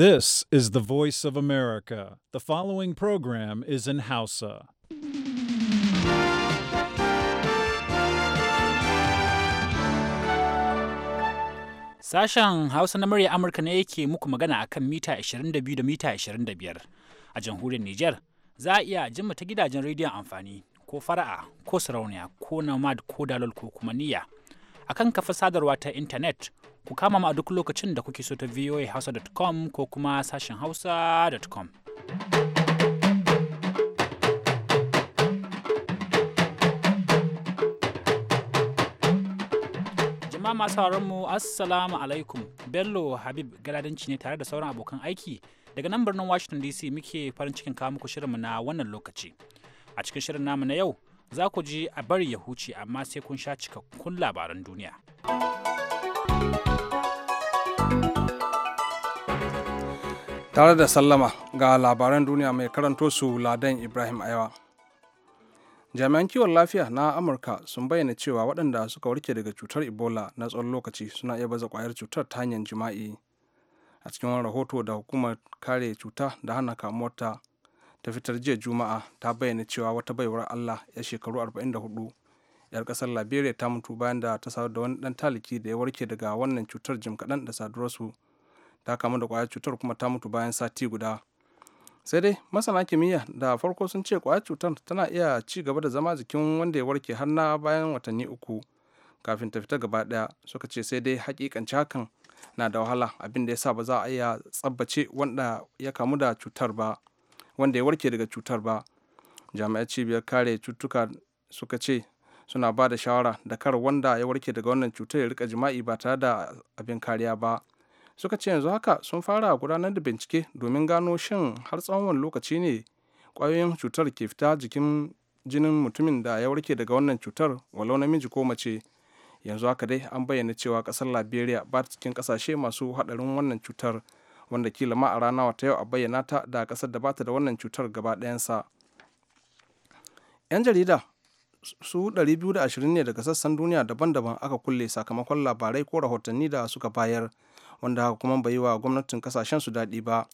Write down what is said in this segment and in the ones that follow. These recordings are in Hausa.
This is the voice of America. The following program is in Hausa. Sashen Hausa na murya Amurka ne yake muku magana a kan mita 22 da mita 25 a jamhuriyar Nijar. Za a iya jimma ta gidajen rediyon amfani ko fara'a ko sarauniya ko nomad ko dalol ko kuma niyya. A kan kafa sadarwa ta intanet ku kama mu a duk lokacin da kuke so ta voahausa.com ko kuma sashen hausa.com. Jama'a masu sauraron mu Assalamu alaikum. Bello Habib Galadanci ne tare da sauran abokan aiki daga nan birnin Washington DC muke farin cikin kawo muku shirinmu na wannan lokaci. A cikin shirin namu na yau za ku ji a bari ya huce amma sai kun sha cikakkun labaran duniya. tare da sallama ga labaran duniya mai karanto su ladan ibrahim ayawa jami'an kiwon lafiya na amurka sun bayyana cewa waɗanda suka warke daga cutar ebola na tsawon lokaci suna iya baza kwayar cutar ta hanyar jima'i a cikin rahoto da hukumar kare cuta da hana kamuwar ta fitar jiya juma'a ta bayyana cewa wata baiwar allah ya shekaru 44 yar kasar liberia ta mutu bayan da ta sadu da wani dan taliki da ya warke daga wannan cutar jim kaɗan da saduwarsu ta kamu da kwayar cutar kuma ta mutu bayan sati guda sai dai masana kimiyya da farko sun ce kwayar cutar tana iya ci gaba da zama jikin wanda ya warke har na bayan watanni uku kafin ta fita gaba daya suka ce sai dai hakikanci hakan na da wahala abin da ya sa ba za a iya tsabbace wanda ya kamu da cutar ba wanda ya warke daga cutar ba jami'ar cibiyar kare cutuka suka ce suna ba da shawara da kar wanda ya warke daga wannan cutar ya rika jima'i ba tare da abin kariya ba suka ce yanzu haka sun fara gudanar da bincike domin gano shin har tsawon wani lokaci ne kwayoyin cutar ke fita jikin jinin mutumin da ya warke daga wannan cutar walau miji ko mace yanzu haka dai an bayyana cewa kasar liberia ba ta cikin kasashe masu haɗarin wannan cutar wanda kila ma a rana wata yau a bayyana ta da kasar da ba ta da wannan cutar gaba ɗayansa 'yan jarida su 220 ne daga sassan duniya daban-daban aka kulle sakamakon labarai ko rahotanni da suka bayar wanda haka kuma bai yi wa gwamnatin kasashen su daɗi ba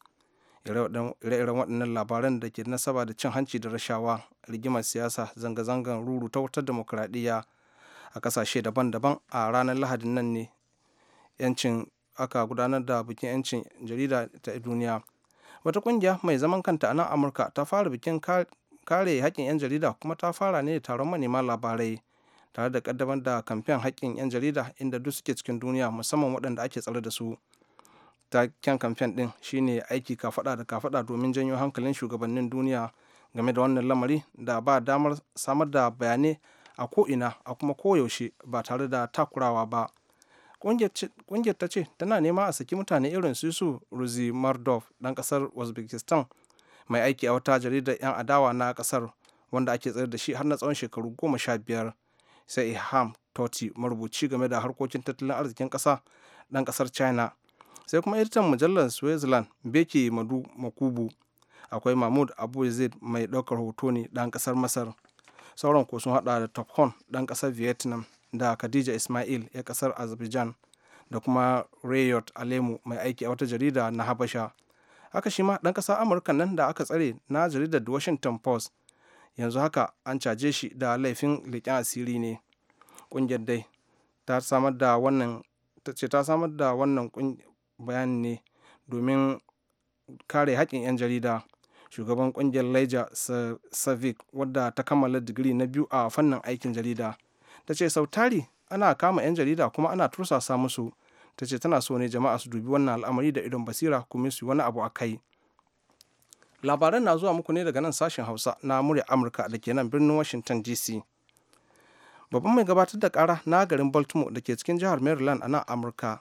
ire-iren waɗannan labaran da ke nasaba da cin hanci da rashawa rigimar siyasa zanga-zangan ruru ta wutar demokuraɗiyya a ƙasashe daban-daban a ranar lahadin nan ne yancin aka gudanar da bikin yancin jarida ta duniya wata ƙungiya mai zaman kanta a nan amurka ta fara bikin kare haƙƙin 'yan jarida kuma ta fara ne da taron manema labarai tare da kaddamar da kamfen haƙƙin 'yan jarida inda duk suke cikin duniya musamman waɗanda ake tsare da su taken kamfen ɗin shine aiki kafaɗa da kafaɗa domin janyo hankalin shugabannin duniya game da wannan lamari da ba damar samar da bayanai a ko ina a kuma koyaushe ba tare da takurawa ba ƙungiyar ta ce tana nema a saki mutane irin su su ruzi mardov ɗan ƙasar uzbekistan mai aiki a wata jaridar 'yan adawa na ƙasar wanda ake tsayar da shi har na tsawon shekaru goma sha biyar sai ham toti marubuci game da harkokin tattalin arzikin ƙasa ɗan ƙasar china sai kuma editan mujallar switzerland beke madu makubu akwai mahmud abu zaid mai ɗaukar hoto ne ɗan ƙasar masar sauran ko sun hada da Horn ɗan ƙasar vietnam da khadija ismail ya kasar azerbaijan da kuma rayot alemu mai aiki a wata jarida na habasha haka shi ma ɗan ƙasar amurka nan da aka tsare na jaridar washington post yanzu haka an caje shi da laifin leƙen asiri ne ƙungiyar dai ta samar da wannan ce ta samar da wannan bayanin ne domin kare haƙƙin 'yan jarida shugaban ƙungiyar laija savic wadda ta kammala digiri na biyu a fannin aikin jarida ta ce sautari ana kama 'yan jarida kuma ana tursasa musu ta ce tana so ne jama'a su dubi wannan al'amari da idon basira kuma su wani abu a kai labaran na zuwa muku ne daga nan sashen hausa na murya amurka da ke nan birnin washington dc babban mai gabatar da kara na garin baltimore da ke cikin jihar maryland a nan amurka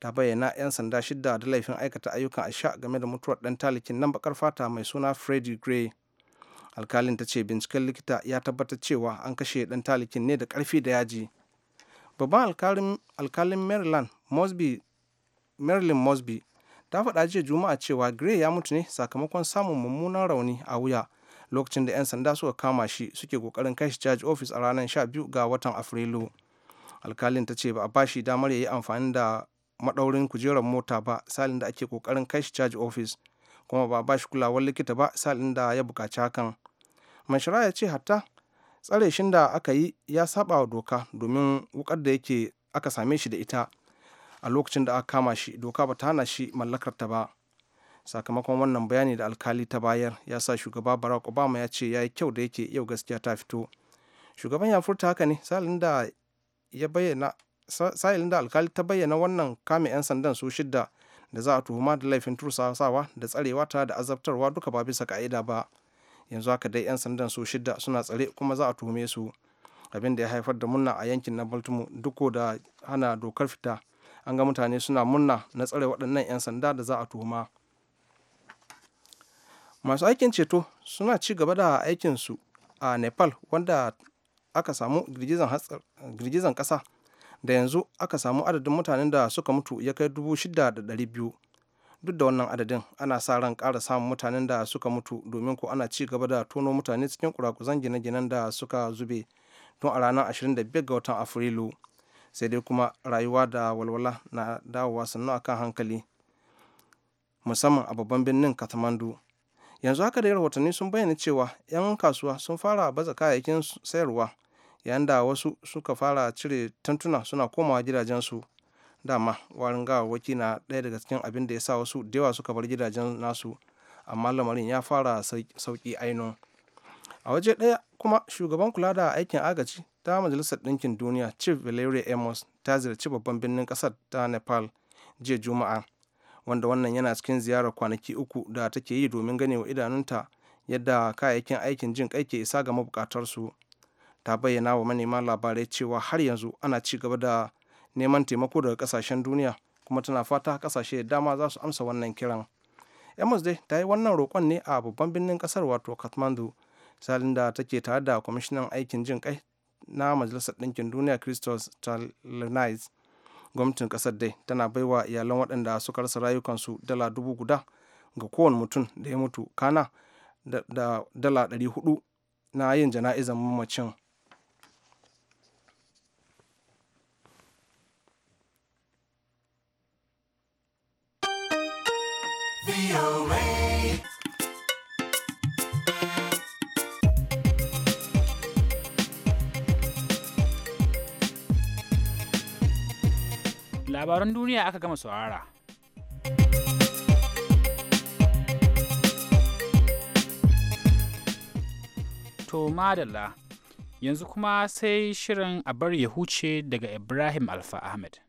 ta bayyana 'yan sanda shidda da laifin aikata ayyukan aisha game da mutuwar dan talikin nan bakar fata mai suna freddy gray alkalin ta ce binciken likita ya tabbatar cewa an kashe dan talikin ne da karfi da yaji babban alkalin maryland mosby marilyn mosby ta faɗa jiya juma'a cewa gray ya mutu ne sakamakon samun mummunan rauni a wuya lokacin da 'yan sanda suka kama shi suke kokarin kai shi charge office a ranar 12 ga watan afrilu alkalin ta ce ba a bashi damar ya yi amfani da maɗaurin kujerar mota ba salin da ake kokarin kai shi charge office kuma ba a bashi kulawar likita ba salin da ya buƙaci hakan mashara ya ce hatta tsare shin da aka yi ya saba wa doka domin wukar da yake aka same shi da ita a lokacin da aka kama shi doka ba ta hana shi mallakar ta ba sakamakon wannan bayani da alkali ta bayar ya sa shugaba barack obama ya ce ya yi kyau da yake yau gaskiya ta fito shugaban ya furta haka ne sa'ilin da alkali ta bayyana wannan kame 'yan sandan su shidda da za a tuhuma da laifin tursasawa da tsarewa ta da azabtarwa duka ba bisa ka'ida ba yanzu haka dai 'yan sandan su shidda suna tsare kuma za a tuhume su abin da ya haifar da munna a yankin na baltimore duk da hana dokar fita an ga mutane suna murna na tsare waɗannan 'yan sanda da za a tuhuma masu aikin ceto suna ci gaba da aikinsu a nepal wanda aka samu girgizan ƙasa da yanzu aka samu adadin mutanen da suka mutu ya kai dubu da duk da wannan adadin ana sa ran ƙara samun mutanen da suka mutu domin ko ana ci gaba da tono mutane cikin kurakuzan gine-ginen da suka zube tun a ranar 25 ga watan afrilu sai dai kuma rayuwa da walwala na dawowa sannu a kan hankali musamman a babban birnin katamandu. yanzu haka dai rahotanni sun bayyana cewa 'yan kasuwa sun fara baza kayayyakin sayarwa yayin da wasu suka fara cire tantuna suna komawa gidajensu dama warin gawawwaki na ɗaya daga cikin abin da ya sa wasu da suka bar gidajen nasu amma lamarin ya fara sauki ainihin a waje ɗaya kuma shugaban kula da aikin agaji ta majalisar ɗinkin duniya chief valeria amos ta ziyarci babban birnin ƙasar ta nepal jiya juma'a wanda wannan yana cikin ziyarar kwanaki uku da take yi domin gane wa idanunta yadda kayayyakin aikin jin kai ke isa ga mabukatarsu ta bayyana wa manema labarai cewa har yanzu ana ci gaba da neman taimako daga kasashen duniya kuma tana fata kasashe dama za su amsa wannan kiran amos dai ta yi wannan roƙon ne a babban birnin ƙasar wato kathmandu salin da take tare da kwamishinan aikin jin kai na majalisar ɗinkin duniya christos talonais gwamnatin ƙasar dai tana baiwa iyalan waɗanda suka rasa rayukansu dala dubu guda ga kowane mutum da ya mutu kana da dala ɗari hudu na yin jana'izan mamacin labaran duniya aka gama saurara. To madalla yanzu kuma sai shirin a bar ya huce daga Ibrahim Alfa Ahmed.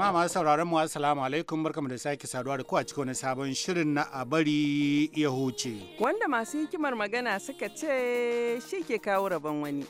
jama'a masu sauraron mu assalamu alaikum barkamu da sake saduwa da ku a cikin wani sabon shirin na a bari ya huce wanda masu hikimar magana suka ce shi ke kawo rabon wani.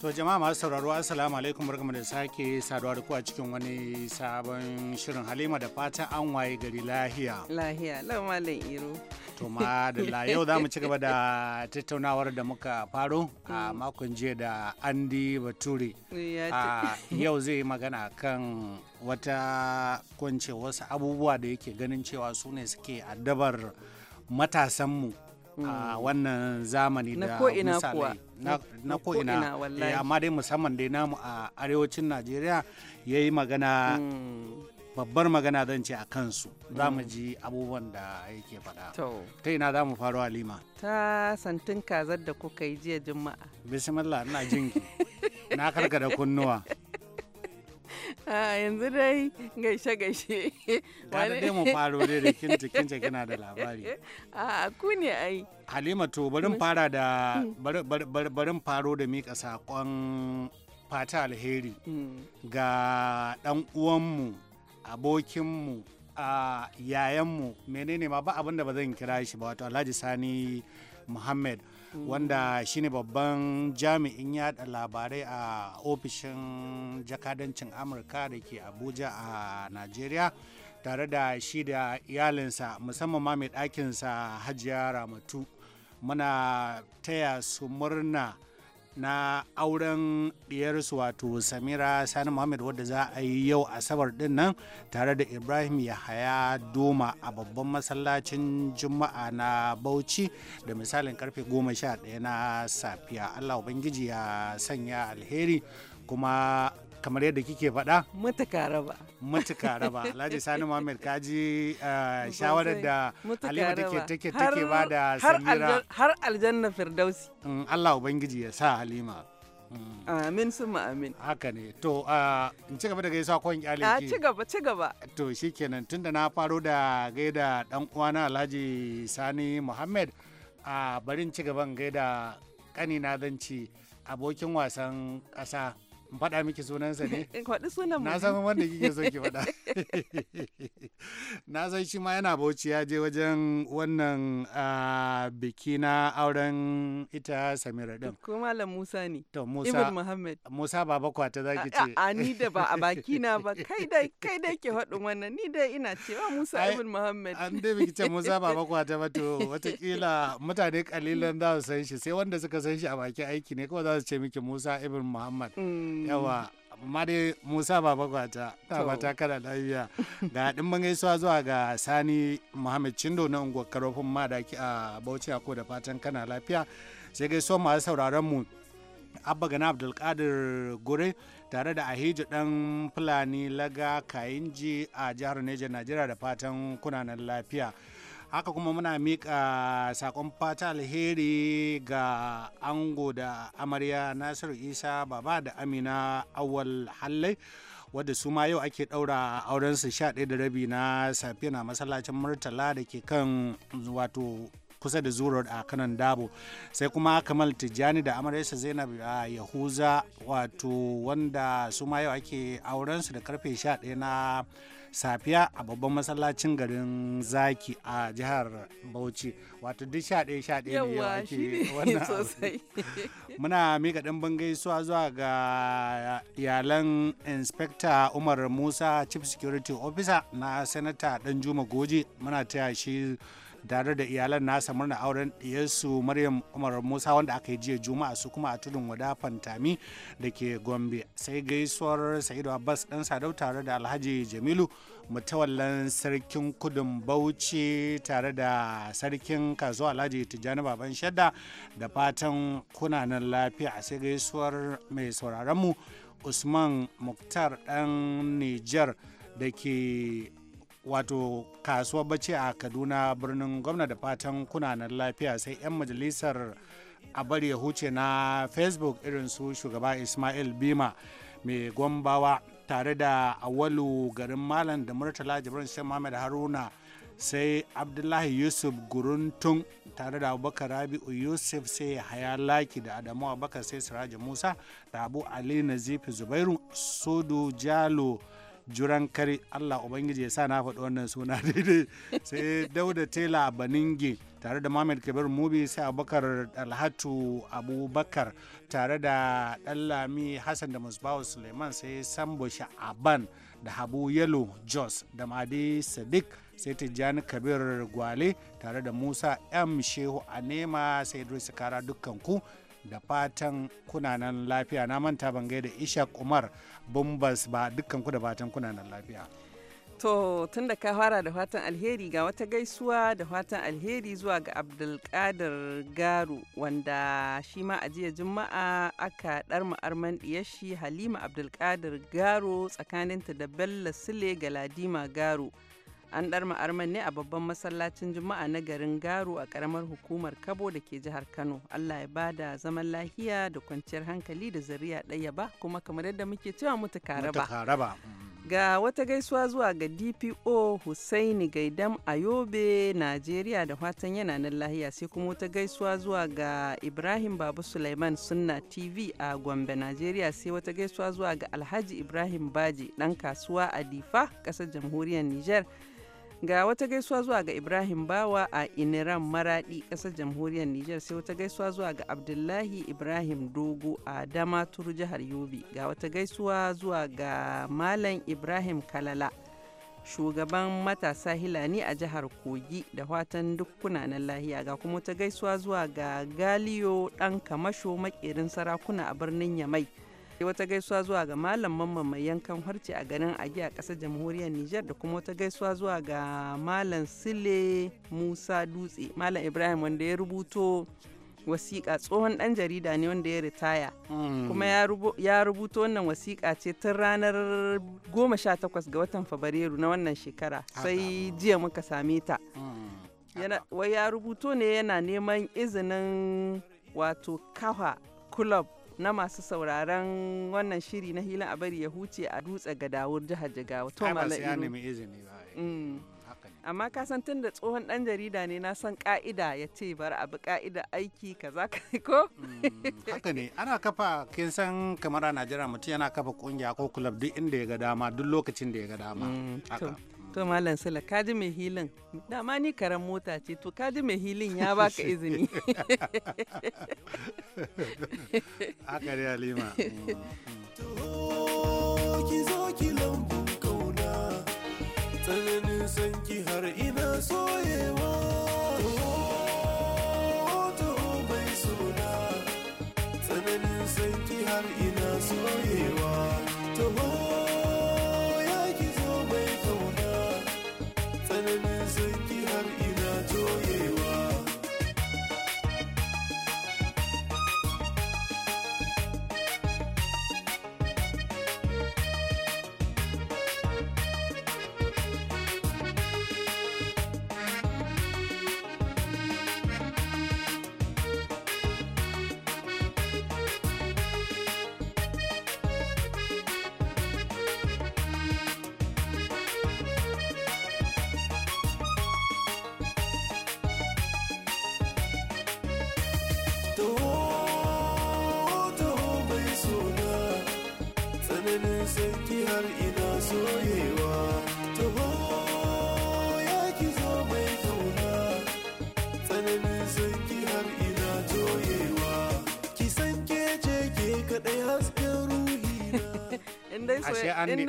To jama'a masu sauraro assalamu alaikum barkamu da sake saduwa da ku a cikin wani sabon shirin Halima da fatan an waye gari lahiya. Lahiya, lau Iro. To ma yau za mu ci gaba da tattaunawar da muka faro a mm. makon jiya da Andy Bature. Yau zai magana kan wata kwance wasu abubuwa da yake ganin cewa su ne suke addabar matasanmu. Mm. a wannan zamani da misalai na ko'ina eh, amma dai musamman dai namu a arewacin najeriya ya yi magana mm. babbar magana zan ce a kansu za mu mm. ji abubuwan da yake faɗa. ta ina za mu faru halima ta santin kazar da kuka yi jiya juma'a bismillah ina jinki na karkada kunnuwa a ah, yanzu dai gaishe gaishe gada dai mu faro dai da kin jikin kina da labari a ah, ku ne ai halima to barin fara da hmm. barin faro da mika sakon fata alheri hmm. ga dan uwanmu abokinmu a yayanmu menene ma ba abin da ba zan kira shi ba wato alhaji sani muhammad wanda shine babban jami'in yada labarai a ofishin jakadancin amurka da ke abuja a nigeria tare da shi da iyalinsa musamman ma mai ɗakinsa hajiya ramatu muna taya su murna na auren diyarsu wato samira sani muhammad wadda za a yi yau asabar din nan tare da ibrahim yahaya doma a babban masallacin juma'a na bauchi da misalin karfe 11 na safiya allah ubangiji ya sanya alheri kuma kamar yadda kike faɗa? Mutuka raba. Mutuka raba. Alhaji Sani Muhammad kaji eh, shawarar da Halima take take take ba da Samira. Har aljanna Firdausi. Mm, Allah Ubangiji ya sa Halima. Mm. Amin su amin. Haka ne. To, ah, in ci gaba da gaisa kwan kyale ki. Ci gaba, ci gaba. To, shikenan tunda na faro da gaida dan uwana Alhaji Sani Muhammad a barin ci gaban gaida kanina zan ci abokin wasan ƙasa faɗa miki sunansa ne in faɗi sunan na san wanda kike so ki faɗa na san shi ma yana bauchi ya je wajen wannan biki na auren ita samira din ko malam musa ne to musa ibn muhammad musa baba kwata zaki ce a ni da ba a baki na ba kai dai kai dai ke faɗo wannan ni dai ina cewa musa ibn muhammad an dai miki ce musa baba kwata ba to watakila mutane kalilan za su san shi sai wanda suka san shi a baki aiki ne kawai za su ce miki musa ibn muhammad mm. yawa amma dai musa baba gwata ba ta kada lafiya ga dimbin gaisuwa zuwa ga sani muhammad cindo na unguwar karofin madaki a bauchi ko da fatan kana lafiya sai gaisuwa masu sauraron mu abba gana abdulkadir gure tare da ahijo dan fulani laga kayinji a jihar neja najeriya da fatan kunanan lafiya haka kuma muna mika sakon fata alheri ga ango da amarya nasiru isa baba da amina awal hallai wadda su ma yau ake daura sha ɗaya da rabi na safi na masallacin murtala da ke kan wato kusa da zurar a kanan dabo sai kuma kamal tijjani da amaryarsa zainab a yahuza wato wanda su ma yau ake auren su da karfe 11 na safiya a babban masallacin garin zaki a jihar bauchi wato duk sha ɗaya sha ɗaya ne ke wannan sosai muna mika ɗimbin gaisuwa zuwa ga iyalan inspector umar musa chief security officer na senator juma goje muna taya shi tare da iyalan nasa murna auren ɗiyarsu maryam umar musa wanda aka yi jiya juma'a su kuma a tudun wada fantami da ke gombe sai gaisuwar sa'idu abbas ɗan sadau tare da alhaji jamilu mutawallan sarkin kudin bauchi tare da sarkin kasuwa alhaji tijjani baban shadda da fatan kunanan lafiya sai gaisuwar mai sauraronmu usman muktar ɗan nijar da ke wato kasuwar bace a kaduna birnin gwamna da fatan kunanan lafiya sai 'yan majalisar a bari ya huce na facebook irin su shugaba ismail bima mai gombawa tare da awalu garin malam da murtala jibrin shan mamed haruna sai abdullahi yusuf guruntun tare da abubakar rabi'u yusuf sai haya laki da adamu abubakar sai siraji musa da abu ali nazifi zubairu sodo jalo juran kare allah ubangiji ya sa na faɗi wannan suna daidai sai dauda tela baninge tare da mohamed kabir mubi sai abubakar alhatu abubakar tare da ɗanlami hassan da musbahu suleiman sai sambo sha'aban da habu yalo jos da madi sadiq sai tijjani kabir gwale tare da musa m shehu anema sai idris kara dukkan ku da fatan kunanan lafiya na manta ban da ishaq umar bombas ba dukkan da fatan kuna nan lafiya To tun da ka fara da fatan alheri ga wata gaisuwa da fatan alheri zuwa ga Abdulkadir Garu wanda shi ma a jiya Juma'a aka ɗarma arman shi Halima Abdulkadir Garo tsakaninta da Bello Sule ladima Garo. an ɗar ma'armar ne a babban masallacin juma'a na garin garo a karamar hukumar kabo da ke jihar kano allah ya ba da zaman lahiya da kwanciyar hankali da zariya ɗaya ba kuma kamar yadda muke cewa mutu karaba ga wata gaisuwa zuwa ga dpo Hussaini gaidam ayobe najeriya da fatan yana nan lahiya sai kuma wata gaisuwa zuwa ga ibrahim babu suleiman sunna tv a gombe najeriya sai wata gaisuwa zuwa ga alhaji ibrahim baji ɗan kasuwa a difa ƙasar jamhuriyar niger Ga wata gaisuwa zuwa ga Ibrahim Bawa a Iniran Maradi ƙasar jamhuriyar niger sai wata gaisuwa zuwa ga Abdullahi Ibrahim Dogo a Damaturu jihar Yobe. Ga wata gaisuwa zuwa ga Malam Ibrahim Kalala. shugaban matasa hilani a jihar kogi da fatan duk na lahiya ga kuma wata gaisuwa zuwa ga galiyo dan kamasho makerin sarakuna a birnin yamai wata gaisuwa zuwa ga malam mamman mai yankan harce a garin agi a ƙasar jamhuriyar Nijar da kuma wata gaisuwa zuwa ga malam Sile Musa Dutse malam Ibrahim wanda ya rubuto wasiƙa tsohon ɗan jarida ne wanda ya ritaya mm. kuma ya rubuta wannan wasiƙa ce tun ranar 18 ga watan fabrairu na wannan shekara sai jiya muka same ta mm. wai ya rubuto ne yana neman izinin wato kafa club na masu sauraron wannan shiri na hilin a bari ya huce a dutse ga dawur jihar Jigawa. To izini ba. Mm. Mm, amma ka san tun da tsohon dan jarida ne na san ka'ida ya ce bar abu ka'ida aiki ka za yi ko mm, haka ne ana kafa kin san kamar a najeriya mutum yana kafa kungiya ko kulab duk inda ya ga dama duk lokacin da ya ga dama to malam sula kaji mai hilin dama ni karan mota ce to kaji mai hilin ya baka izini Caridad Lima. Mm.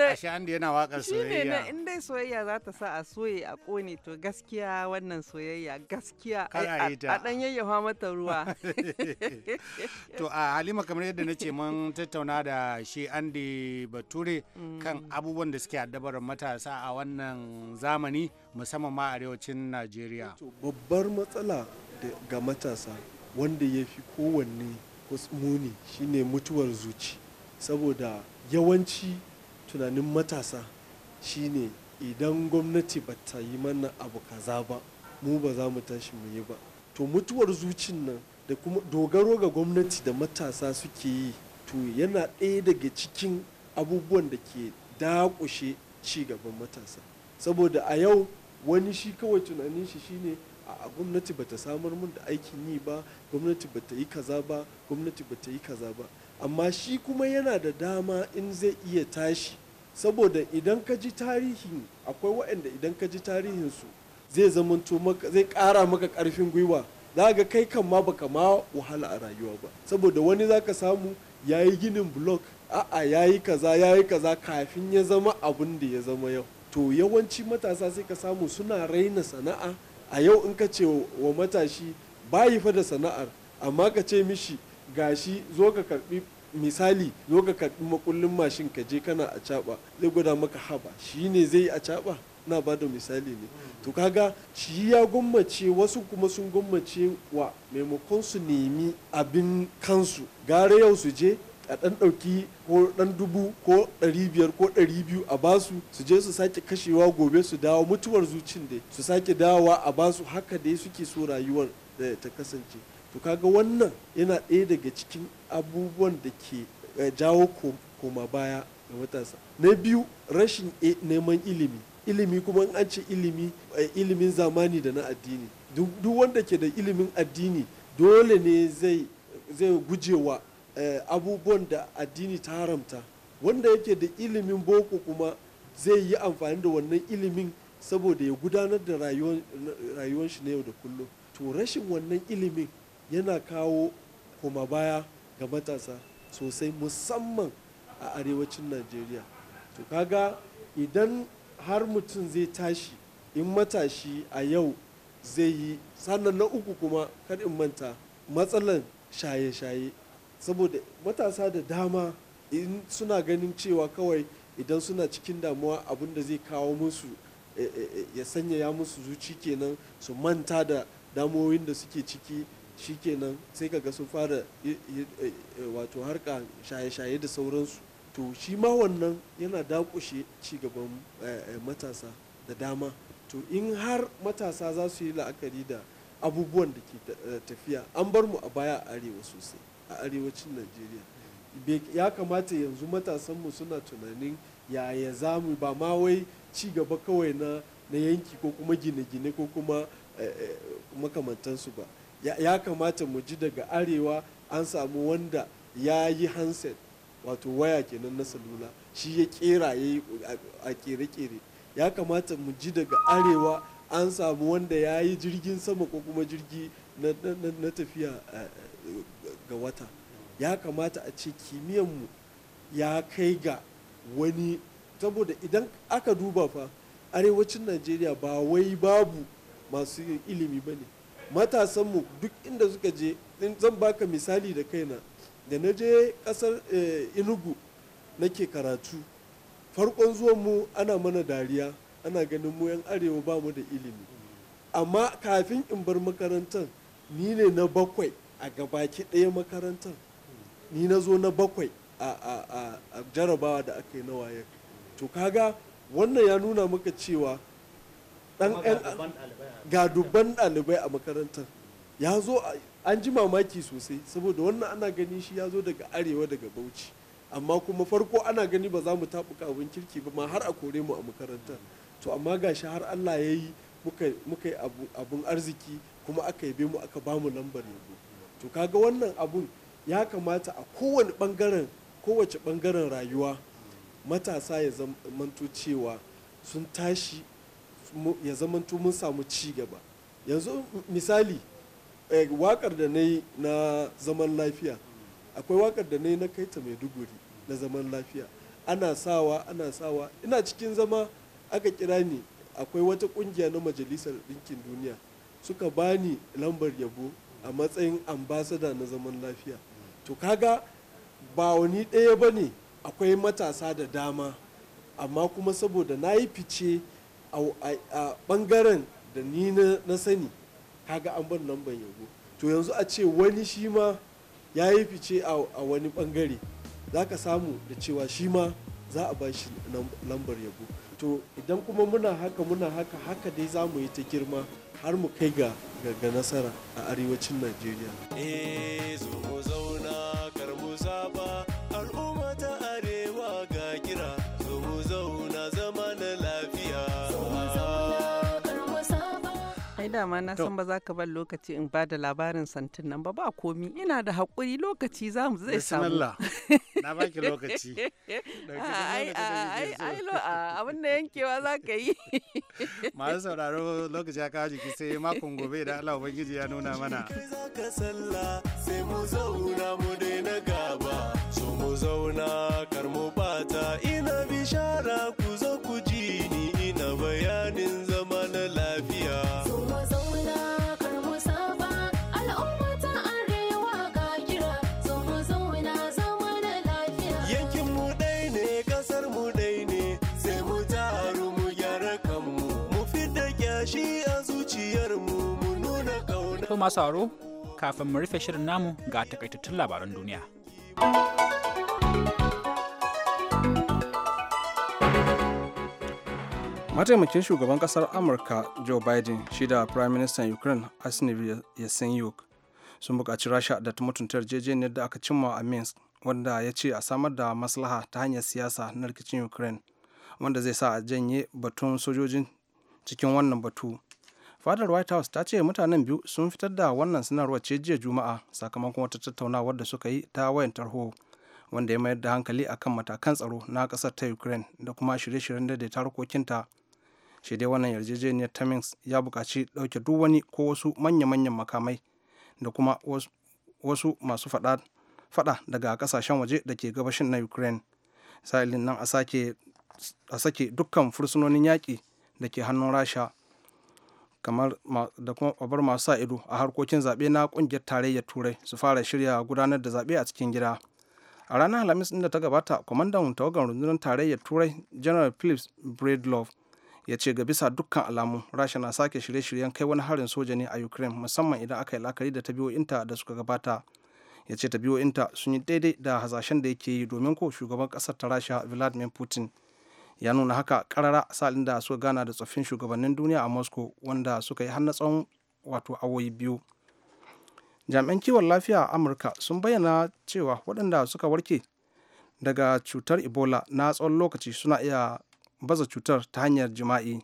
ashe andi yana wakar soyayya in dai soyayya za ta sa a soye a kone to gaskiya wannan soyayya gaskiya a ɗan yayyafa mata ruwa to a halima kamar yadda na ce mun tattauna da shi andi bature kan mm. abubuwan da suke addabar matasa a wannan zamani musamman ma arewacin najeriya babbar matsala ga matasa wanda ya fi kowanne muni shine mutuwar zuci saboda yawanci tunanin matasa shine idan gwamnati ba ta yi mana abu kaza ba mu ba za mu tashi mu yi ba to mutuwar zucin nan da kuma dogaro ga gwamnati da matasa suke yi to yana ɗaya daga cikin abubuwan da ke dakushe gaban matasa saboda a yau wani shi kawai tunanin shi shine a gwamnati bata samar mun da aikin yi ba gwamnati bata yi kaza ba gwamnati bata yi kaza ba amma shi kuma yana da dama in zai iya tashi saboda idan ka ji tarihin akwai waɗanda idan ka ji tarihinsu zai zamanto zai ƙara maka ƙarfin gwiwa za ga kai kan ma baka ma wahala a rayuwa ba saboda wani za ka samu ya yi ginin blok a'a ya yi kaza ya yi kaza kafin ya zama abin da ya zama yau to yawanci matasa sai ka samu suna raina sana'a a yau in ka ce wa matashi bayi fa da sana'ar amma ka ce mishi gashi zo ka karbi misali zo ka karɓi makullin mashin ka je kana a caɓa zai gwada maka haba shi ne zai yi a caɓa na ba da misali ne to kaga shi ya gwammace wasu kuma sun gwammace wa maimakon su nemi abin kansu gara yau su je a ɗan ɗauki ko ɗan dubu ko ɗari biyar ko ɗari biyu a basu su je su sake kashewa gobe su dawo mutuwar zucin dai su sake dawowa a basu haka dai suke so rayuwar da eh, ta kasance to kaga wannan yana ɗaya daga cikin abubuwan da ke eh, jawo koma baya ga matasa na biyu rashin eh, neman ilimi ilimi kuma an ce ilimi eh, ilimin zamani da na addini duk wanda ke da ilimin addini dole ne zai gujewa abubuwan da addini ta haramta wanda yake da ilimin boko kuma zai yi amfani da wannan ilimin saboda ya gudanar da rayuwar shi na yau da kullum to rashin wannan ilimin yana kawo koma baya ga matasa sosai musamman a arewacin najeriya to kaga idan har mutum zai tashi in matashi a yau zai yi sannan na uku kuma kan in manta matsalan shaye-shaye saboda matasa da dama in suna ganin cewa kawai idan suna cikin damuwa abin da zai kawo musu eh, eh, eh, ya sanyaya musu zuci kenan su manta da damuwoyin da suke ciki shikenan sai ka ga sun fara eh, eh, wato harka shaye-shaye da sauransu to shi ma wannan yana dakushe cigaban eh, matasa da dama to in har matasa za su yi la'akari da abubuwan da ke tafiya an bar mu a baya a arewa sosai a arewacin najeriya ya kamata yanzu matasanmu suna tunanin yaya za mu ba ma wai ci gaba kawai na yanki ko kuma gine-gine ko kuma makamantansu ba ya kamata mu ji daga arewa an samu wanda ya yi handset wato waya kenan na salula shi ya kera ya yi a kere-kere ya kamata mu ji daga arewa an samu wanda ya yi jirgin sama ko kuma jirgi na tafiya eh, ga wata ya kamata a ce kimiyyanmu ya kai ga wani saboda idan aka duba fa arewacin najeriya ba wai babu masu ilimi ba ne matasanmu duk inda suka je zan baka misali da kaina da na je kasar inugu eh, nake karatu farkon zuwan mu ana mana dariya ana ganin mu 'yan arewa ba mu da ilimi amma kafin in bar makarantar ni ne na bakwai a gabaki ɗaya makarantar ni na zo na bakwai a jarabawa da aka yi na wayar to kaga wannan ya nuna maka cewa ga dubban ɗalibai a makarantar ya zo an ji mamaki sosai saboda wannan ana gani shi ya zo daga arewa daga bauchi amma kuma farko ana gani ba za mu taɓuka abin kirki ba ma har a kore mu a makarantar to amma ga shi har allah ya yi muka yi abun arziki kuma aka yabe mu aka ba mu lambar yabo to kaga wannan abun ya kamata a kowane bangaren kowace bangaren rayuwa matasa ya zama cewa sun tashi ya zamanto mun samu ci gaba yanzu misali eh, wakar da na yi na zaman lafiya akwai wakar da na yi na kaita maiduguri na zaman lafiya ana sawa ana sawa ina cikin zama aka kira ni akwai wata kungiya na majalisar ɗinkin duniya suka bani lambar yabo a matsayin ambasada na zaman lafiya to kaga ba wani ɗaya ba ne akwai matasa da dama amma kuma saboda na yi fice a bangaren da ni na sani kaga an ban lamban yabo to yanzu a ce wani shi ma ya yi fice a wani bangare za ka samu da cewa shi ma za a bashi lambar yabo to idan kuma muna haka muna haka haka dai za mu yi ta girma har mu kai ga nasara a arewacin najeriya eh, zo zauna dama na san ba za ka bar lokaci in ba da labarin santin nan ba ba komi ina da haƙuri lokaci za mu zai samu. na baki lokaci. Abin da yankewa za ka yi. Masu sauraro lokaci ya kawo jiki sai makon gobe da Allah Ubangiji ya nuna mana. Sai mu zauna mu daina gaba. To masu aro kafin mu rufe shirin namu ga takaitattun labaran duniya. mataimakin shugaban kasar amurka joe biden shi da prime minister ukraine arseniy yatsenyuk sun buƙaci rasha da ta mutunta yarjejeniyar da aka cimma a minsk wanda ya ce a samar da maslaha ta hanyar siyasa na rikicin ukraine wanda zai sa a janye batun sojojin cikin wannan batu fadar white house ta ce mutanen biyu sun fitar da wannan sanarwar ce jiya juma'a sakamakon wata tattaunawar da suka yi ta wayan tarho wanda ya mayar da hankali akan matakan tsaro na kasar ta ukraine da kuma shirye-shiryen ta harkokinta shi dai wannan yarjejeniyar ta minsk ya bukaci ɗauke duk wani ko wasu manya-manyan makamai da kuma wasu masu faɗa daga ƙasashen waje da ke gabashin na ukraine sa'ilin nan a sake dukkan fursunonin yaƙi da ke hannun rasha kamar da kuma babar masu sa ido a harkokin zaɓe na ƙungiyar tarayyar turai su fara shirya gudanar da zaɓe a cikin gida a ranar alhamis inda ta gabata kwamandan tawagar rundunar tarayyar turai general philips breedlove ya ce ga bisa dukkan alamu rasha na sake shirye-shiryen kai wani harin soja ne a ukraine musamman idan aka yi la'akari da tabiyoyinta da suka gabata ya ce tabiyoyinta sun yi daidai da hasashen da yake yi domin ko shugaban kasar ta rasha vladimir putin ya nuna haka karara sa'ilin da suka gana da tsoffin shugabannin duniya a moscow wanda suka yi har tsawon wato awoyi biyu jami'an kiwon lafiya a amurka sun bayyana cewa waɗanda suka warke daga cutar ebola na tsawon lokaci suna iya baza cutar ta hanyar jima'i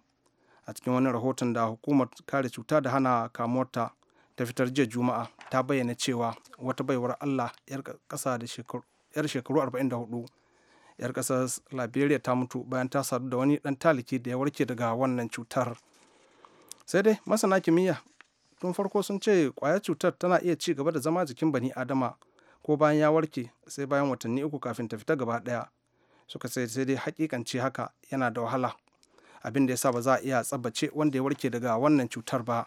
a cikin wani rahoton da hukumar kare cuta da hana kamuwarta ta fitar jiya juma'a ta bayyana cewa wata baiwar allah 'yar shekaru 44 'yar ƙasar liberia ta mutu bayan ta sadu da wani dan taliki da ya warke daga wannan cutar sai dai masana kimiyya tun farko sun ce kwayar cutar tana iya ci gaba da zama jikin bani adama ko bayan ya warke sai bayan watanni uku kafin ta fita gaba ɗaya suka sai sai dai hakikanci haka yana da wahala abin da yasa ba za a iya tsabbace wanda ya warke daga wannan cutar ba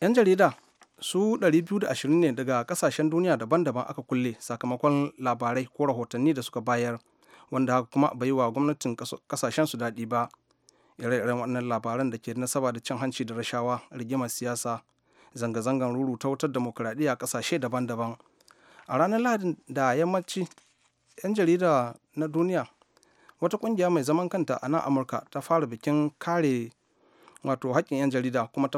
'yan jarida su 220 ne daga kasashen duniya daban-daban aka kulle sakamakon labarai ko rahotanni da suka bayar wanda haka kuma bai wa gwamnatin kasashen su daɗi ba ire-iren wannan labaran da ke nasaba da cin hanci da rashawa rigimar siyasa zanga-zangan ruru ta wutar demokuraɗiyya a ƙasashe daban-daban a ranar lahadin da yammaci 'yan jarida na duniya wata ƙungiya mai zaman kanta a nan amurka ta fara bikin kare wato haƙƙin 'yan jarida kuma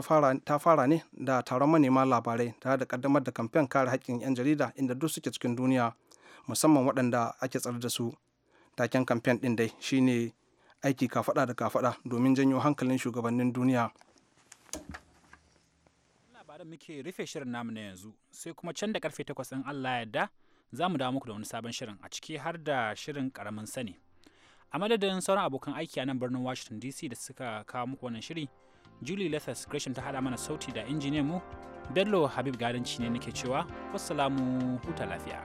ta fara ne da taron manema labarai tare da kaddamar da kamfen kare haƙƙin 'yan jarida inda duk suke cikin duniya musamman waɗanda ake tsar da su taken kamfen ɗin dai shine aiki kafaɗa da kafaɗa domin janyo hankalin shugabannin duniya labaran muke rufe shirin namu na yanzu sai kuma can da karfe takwas in Allah ya yarda za mu dawo muku da wani sabon shirin a ciki har da shirin karamin sani a madadin sauran abokan aiki a nan birnin washington dc da suka kawo muku wannan shiri julie lethers gresham ta hada mana sauti da injiniyan mu bello habib gadanci ne nake cewa wassalamu huta lafiya